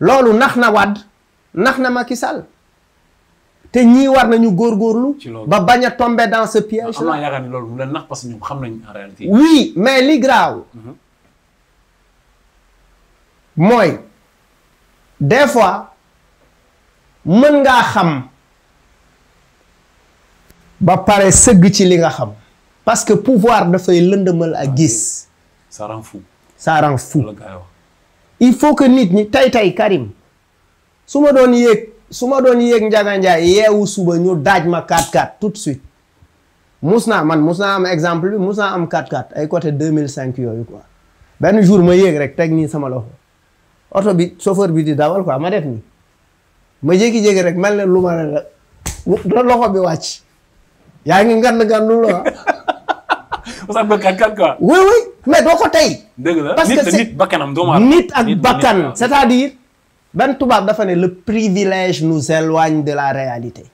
loolu nax na Wade nax na Macky Sall te ñii war nañu góor góorgóorlu. ba bañ a tomber dans ce piège la. am naa xam nañ en réalité. oui mais lii graaw. Mhm. mooy des fois mën ngaa xam ba pare sëgg ci li nga xam parce que pouvoir dafay lëndëmal ak gis. ça rend fou. ça rend fou. il faut que nit ñi tey tey Karim su ma doon yéeg su ma doon yéeg Ndiaga Ndiaye yeewu suba ñu daaj ma 4-4 tout de suite mus naa man mus naa am exemple bi mus naa am 4-4 ay côté 2005 yooyu quoi benn jour ma yéeg rek teg nii sama loxo oto bi chauffeur bi di dawal quoi ma def mi ma jékki-jékki rek mel ne lu ma la loxo bi wàcc yaa ngi ngand ngandu la. mos a am 4-4 quoi. oui oui. mais doo ko tey. parce que nit bakkanam nit ak bakkan c'est-à-dire benn tubaab dafa ne le privilège nous éloigne de la réalité.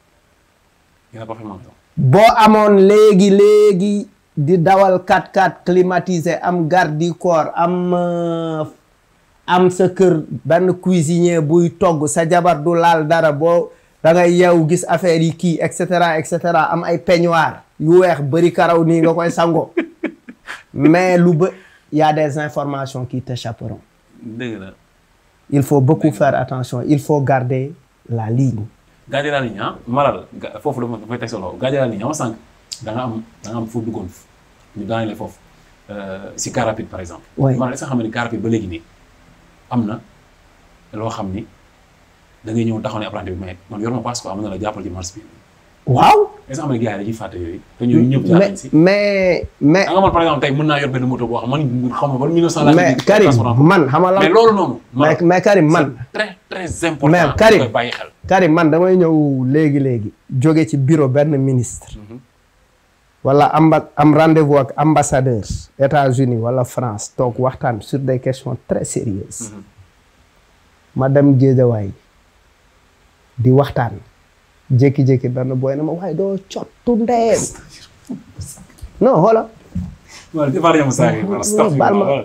boo amoon léegi léegi di dawal 4x4 climatisé am garde am euh, am sa kër benn cuisinier buy togg sa jabar du laal dara boo da ngay gis affaires yi kii et cetera et cetera am ay peignoir yu weex bëri karaw nii nga koy sango mais lu ba y des informations qui t'échapperont. dëgg la. il faut beaucoup faire attention il faut garde la ligne. garder la ligne ah Malal foofu la ma fay teg sa loxo garder la ligne ama sànq da am da nga am foofu duggoon ñu daanelee foofu euh, si car rapide par exemple. oui Malal est-ce que car rapide ba léegi nii am na loo xam ni da ngay ñëw taxaw ne apprenti bi mais man yor passe quoi mën na la jàppal ci marche bi. waaw. est-ce yi dañuy fàtte yooyu. te ñun ñëpp jaar nañ mais mais. moto boo man xam nga ban 1900 la. mais Karim man xam nga mais loolu noonu. mais mais Karim man. très très important. mais man damay ñëw léegi léegi. jóge ci bureau benn ministre. Mhm. wala amba am rendez-vous ak ambassadeur États-Unis wala France toog waxtaan sur des questions très sérieuses mhm. ma dem Géejawaay di waxtaan. jékki-jékki benn booy na ma waaye doo cottu ndeyem. non xoola. baal ma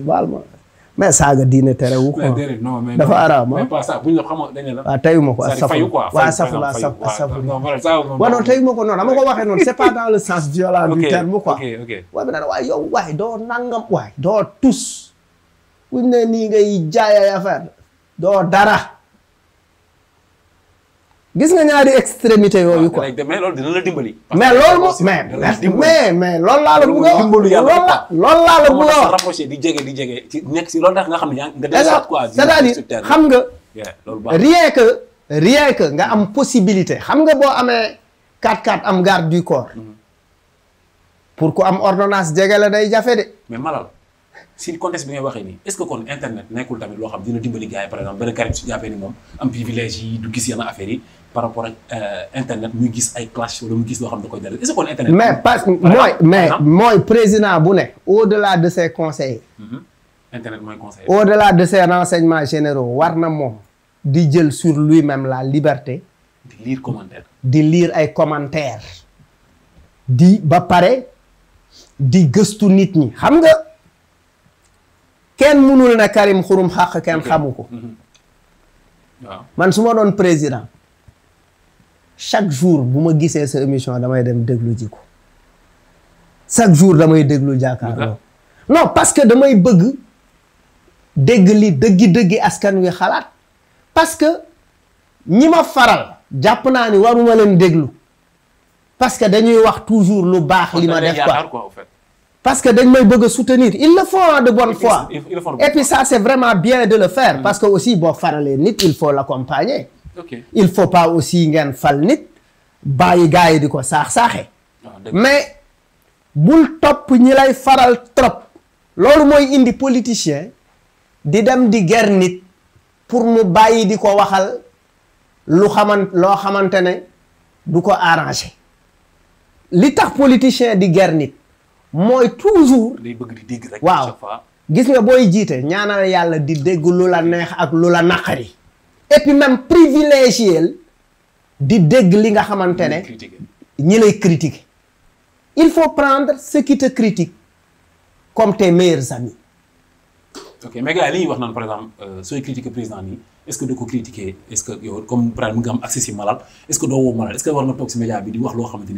baal ma mais saaga diine terewu quoi dafa araam ah. waaw teyuma ko asafurla waaw asafurla asafurla waaw non teyuma ko non dama ko waxee noonu c'est pas dans le sens violent du terme quoi. waaye bi naan waaye yow waaye doo nangam waaye doo tus. buñ ne nii ngay jaayee affaire doo dara. gis nga ñaari extrémité yooyu ah, quoi mais loolu dina la dimbali. mais loolu mais mais mais loolu laa la bëgg a wax loolu la loolu laa la bëgg a wax di jege di jege ci nekk si loolu tax nga xam ne nga delluwaat quoi c'est-à-dire xam nga rien que rien que nga am possibilité xam nga boo amee 4 kaat am garde du corps mm-hmm. pour ku am ordonnance jege la day jafe de mais malal si contexte bi ngay waxee nii est-ce que kon internet nekkul tamit loo xam dina dimbali gars yi par exemple benn Karim su jàppee ni moom am privilège yi du gis yenn affaires yi par rapport ak euh, internet muy gis ay clash wala mu gis loo xam da koy que kon internet. mooy mais mooy président bu ne. au-delà de ses conseils. Mhm. internet mooy conseil. au-delà de ses renseignements généraux war na moom di jël sur lui-même la liberté. di lire di lire ay commentaires. di ba pare di gëstu nit ñi xam nga. kenn munul na Karim Xurum Xaq kenn xamu ko mhm. man su ma doon président chaque jour bu ma gisee sa émission damay dem déglu ji ko chaque jour damay déglu jàkkaarloo non parce que damay bëgg dégg li dëggi-dëggi askan wi xalaat parce que ñi ma faral jàpp naa ni waruma leen déglu parce que dañuy wax toujours lu baax li ma def quoi parce que dañ may bëgg a soutenir ils le font de bonne foi et puis ça c'est vraiment bien de le faire mm. parce que aussi boo faralee nit il faut l'accompagner il faut pas aussi ngeen fal nit bàyyi gars yi di ko saax-saaxe ah, mais bul topp ñi lay faral trop loolu mooy indi politicien di dem di ger nit pour mu bàyyi di ko waxal lu xaman loo xamante ne du ko arranger li tax politicien di ger nit mooy toujours. day bëgg di dégg rek. waaw gis nga booy jiite ñaanal yàlla di dégg lu la neex ak lu la naqari. et puis même privilégié di dégg li nga xamante ne. ñi lay critiquer. il faut prendre ceux qui te critiquent comme tes meilleurs amis. ok mais gars wax naan par exemple euh, sooy critiquer président nii est ce que doo ko critiquer est ce que comme par exemple nga am accès si est ce que doo woo malal est ce que war nga toog si média bi di wax loo xamante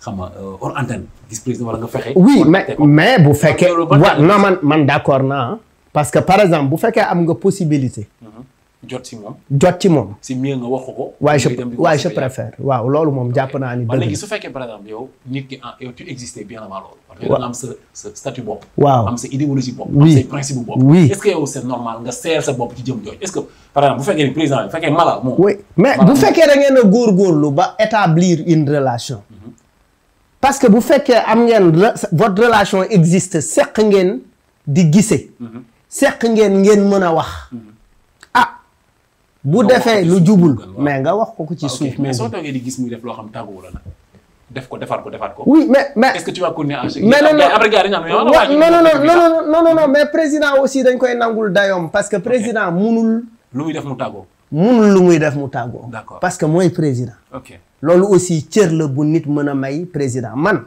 xam nga euh, hors antenne. gis président wala nga fexe. oui mais bu fekkee. wa non man man d' accord naa parce que par exemple bu fekkee am nga possibilité. Mm-hmm. jot ci moom. jot ci moom. si mieux nga wax ko. waaye je waaye je préfère waaw loolu moom jàpp naa ni. dëgg léegi su fekkee par exemple yow ki ah, yow tu existais bien avant loolu. bopp. waaw am sa idéologie bopp. am say principe bopp. oui est ce nga seer sa bopp ci jëm que par bu fekkee ni président bu fekkee malal mais bu fekkee da ngeen a góorgóorlu ba établir une relation. parce que bu fekkee am ngeen votre relation existe seq ngeen di gise mhm. seq ngeen ngeen mën a wax mhm. ah bu defee lu jubul mais nga wax ko ko ci ah, suuf mais soo toogee di gis muy def loo xam tàgguwu la nag def ko defaat ko defaat ko. oui mais mais est-ce que tu vas continuer à. mais non non non non non mais président aussi dañ koy nangul dayoom parce que président munul. lu muy def mu tàggoo. mun lu muy def mu tàggoo. d'accord parce que mooy président. ok loolu aussi cër la bu nit mën a may président man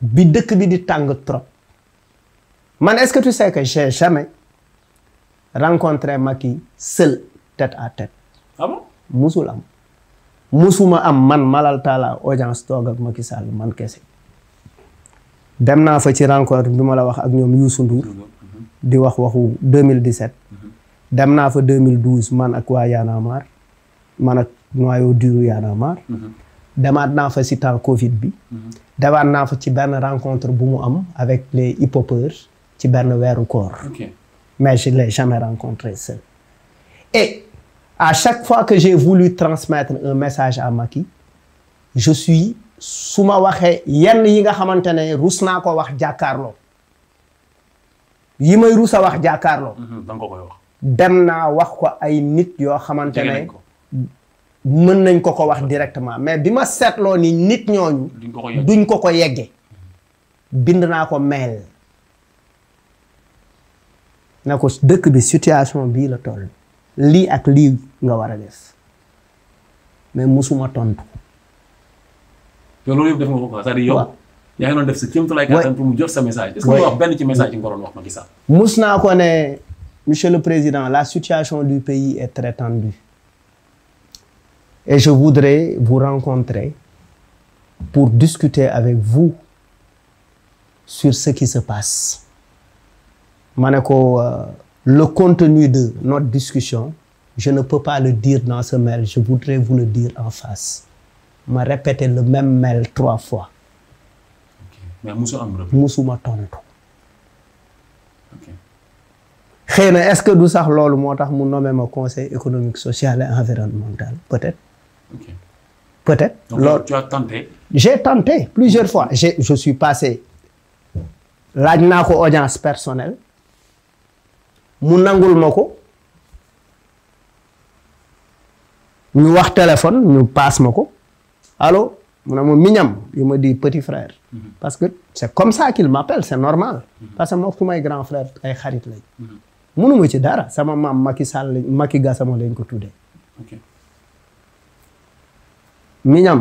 bi dëkk bi di tàng trop man est que tu sais que j'ai jamais rencontré Macky seul tête à tête. ah musul am musuma am man Malal Talla audience toog ak Macky Sall man kese dem naa fa ci rencontre bi ma la wax ak ñoom Youssou Ndour mhm. di wax waxu 2017. dem naa fa 2012 man ak waa Y'en a marre man ak noyau dur Y'en a marre mhm. demaat naa fa si temps Covid bi. Mhm. demaat naa fa ci benn rencontre bu mu am avec les hip-hopeurs ci benn weeru koor. mais les l'ai jamais rencontré seul. et à chaque fois que j'ai voulu transmettre un message à Macky je suis su ma waxee yenn yi nga xamante ne rus naa ko wax jàkkaarloo yi may rus a wax jàkkaarloo. Mhm, da dem naa wax ko ay nit yoo xamante ne mën nañ ko ko wax directement mais bi ma seetloo ni nit ñooñu duñ ko ko yegge bind naa ko mail na ko dëkk bi situation bii la toll lii ak lii nga war a des mais musuma tontu yow loolu yëpp def nga ko quoi cest message est-ce que nga wax wax Macky Sall mus naa ko ne Monsieur le Président, la situation du pays est très tendue. Et je voudrais vous rencontrer pour discuter avec vous sur ce qui se passe. Manako, euh, le contenu de notre discussion, je ne peux pas le dire dans ce mail, je voudrais vous le dire en face. ma répété le même mail trois fois. mais musu am rëbb. musuma tontu. xëy na est-ce que du sax loolu moo tax mu nommé ma conseil économique social et environnemental peut-être. ok peut-être. loolu tu as plusieurs fois j'ai je suis passé laaj naa ko audience personnel mu nangul ma ko ñu wax téléphone ñu paas ma ko allô mu ne ma miñam il me dit petit frère. Mm-hmm. parce que c'est comme ça qu'il m'appelle c'est normal. Mm-hmm. parce que moom su may grand frère ay xarit lañ. Mm-hmm. mënuma ci dara sama maam Macky Sall Macky Gassama lañ ko tuddee. ok miñam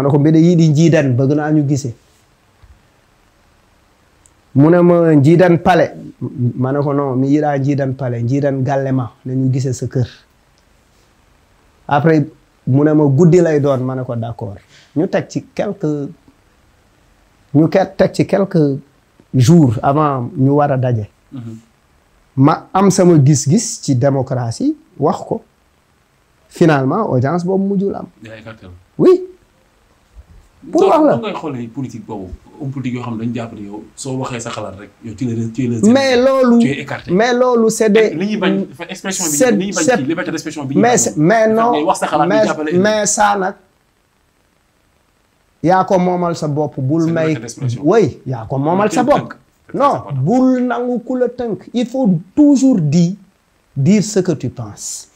ne ko mbir yii di njiidan bëgg naa ñu gise mu ne ma njiidan pale ma ne ko non mi yi daa pale njiidan gàlle ma ne ñu gisee sa kër. après mu ne ma guddi lay doon ma ne ko d'accord ñu teg ci quelques ñu teg ci quelques jours avant ñu war a daje. Mhm. ma am sama gis-gis ci démocratie wax ko finalement audience boobu mujjul am. pour wax la ngay xoolee boobu homme yoo xam ne dañu jàpp ne yow waxee sa xalaat rek yow ci la ci loolu mais loolu c'est des. li ñuy bañ expression bi ñu bañ ci liberté d'expression bi. mais mais non wax sa xalaat ñu jàppale mais saa yaa ko moomal sa bopp bul may. oui yaa ko moomal sa bopp. non bul nangu ku la tënk il faut toujours dire dire ce que tu penses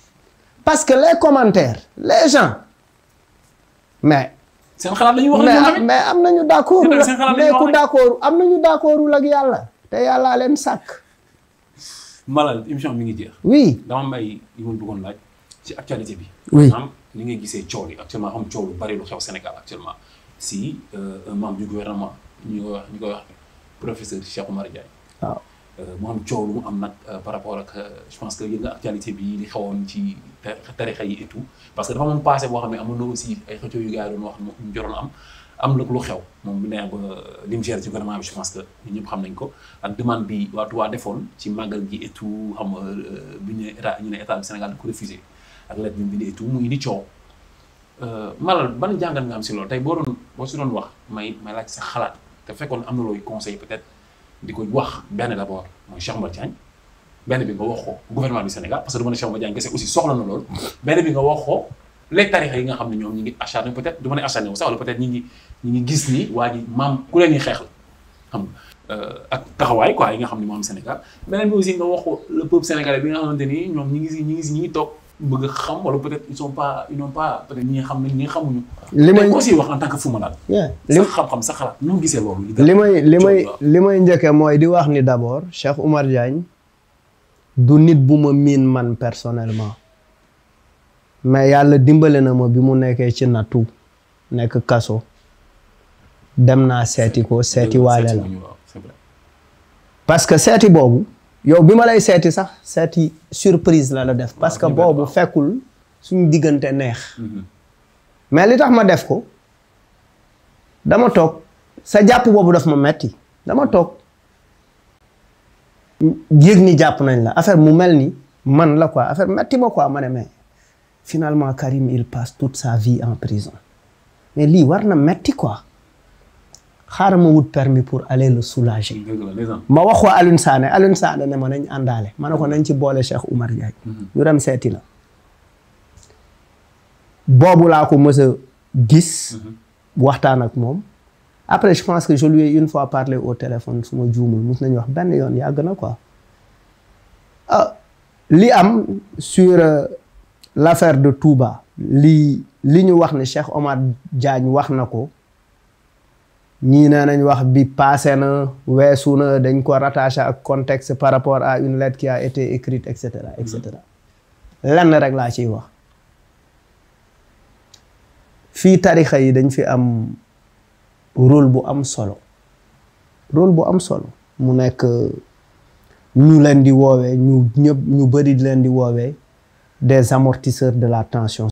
parce que les commentaires les gens mais. seen la ñuy wax mais mais am nañu d'accord mais ku d'accord am nañu d'accordul ak yàlla te yàllaa leen sàkk. Malal émission mi ngi jeex. oui dama may yu ma duggoon laaj ci actualité bi. oui maanaam ni ngay gisee coow li actuellement am coow lu bari lu xew Sénégal actuellement si euh, un membre du gouvernement ñu koy wax. professeur Cheikh Oumar Diagne. waaw euh, mu am coow lu mu am nag euh, par rapport ak euh, je pense que yënga actualité bi li xewoon ci tarixa yi et parce que dafa amoon passé boo xam ne amoon na aussi ay xëccoo yu gars yi doon wax ñu joroon am am lu xew moom bu nee ba lim gère ci bi xam nañ ko ak demande bi waa Touba defoon ci màggal gi et bu ñu ne état ñu ne Sénégal da ko ak lettre bi mu bindee di tout mu indi coow. Malal ban jàngat nga am si lool tey boo doon boo si doon wax may may laaj sa xalaat. te fekkoon am na looy conseil peut-être di ko wax benn d'abord mooy Cheikh Omar Diagne benn bi nga wax ko gouvernement du Sénégal parce que du ma ne Cheikh Omar na loolu benn bi nga wax ko les yi nga xam ne ñoom ñu ngi acharné peut-être du ma ne ñi ngi gis nii waa ji maam ku leen ñuy xeex la xam euh, ak taxawaay quoi yi nga xam ne moom Sénégal beneen bi aussi nga wax ko le peuple bi nga xamante ni ñoom ñi ngi si ñi ngi si ñi ngi toog bëgg xam wala peut-être ils sont pas xam ne ñi xamuñu. li may wax en tant que fumanal. li sa xam-xam sa li may li may li may njëkkee mooy di wax ni d'abord Cheikh Oumar Diagne du nit bu ma miin man personnellement mais yàlla dimbale na ma bi mu nekkee ci nattu nekk kaso dem naa seeti ko seeti waale la parce que seeti boobu. yow bi ma lay seeti sax seeti surprise la la def parce que ah, boobu fekkul suñu diggante neex mhm. mais li tax ma def ko dama toog sa jàpp boobu def ma metti dama toog yéeg ni jàpp nañ la affaire mu mel ni man la ko affaire metti ma quoi ma ne mais finalement Karim il passe toute sa vie en prison mais lii war na metti quoi xaaral ma wut permis pour aller le soulager. ma wax ko Alioune Sané Alioune Sané ne ma nañ àndaale ma ne ko nañ ci boole Cheikh Oumar Ndiaye. Mhm. ñu dem seeti la. boobu laa ko mës a gis. Mhm. waxtaan ak moom. après je pense que je une fois parlé au téléphone suma ma juumul mos nañu wax benn yoon yàgg na ko ah li am sur euh, l'affaire de Touba. lii li ñu wax ne Cheikh Omar Diagne wax na ko. ñii nee nañ wax bi paase na weesu na dañ ko rattaché ak contexte par rapport à une ki a été écrite et cetera et cetera lenn rek laa ciy wax fii tarixa yi dañ fi am rôle bu am solo rôle bu am solo mu nekk ñu leen di woowee ñu ñëpp ñu bëri di leen di woowee des amortisseurs de la tension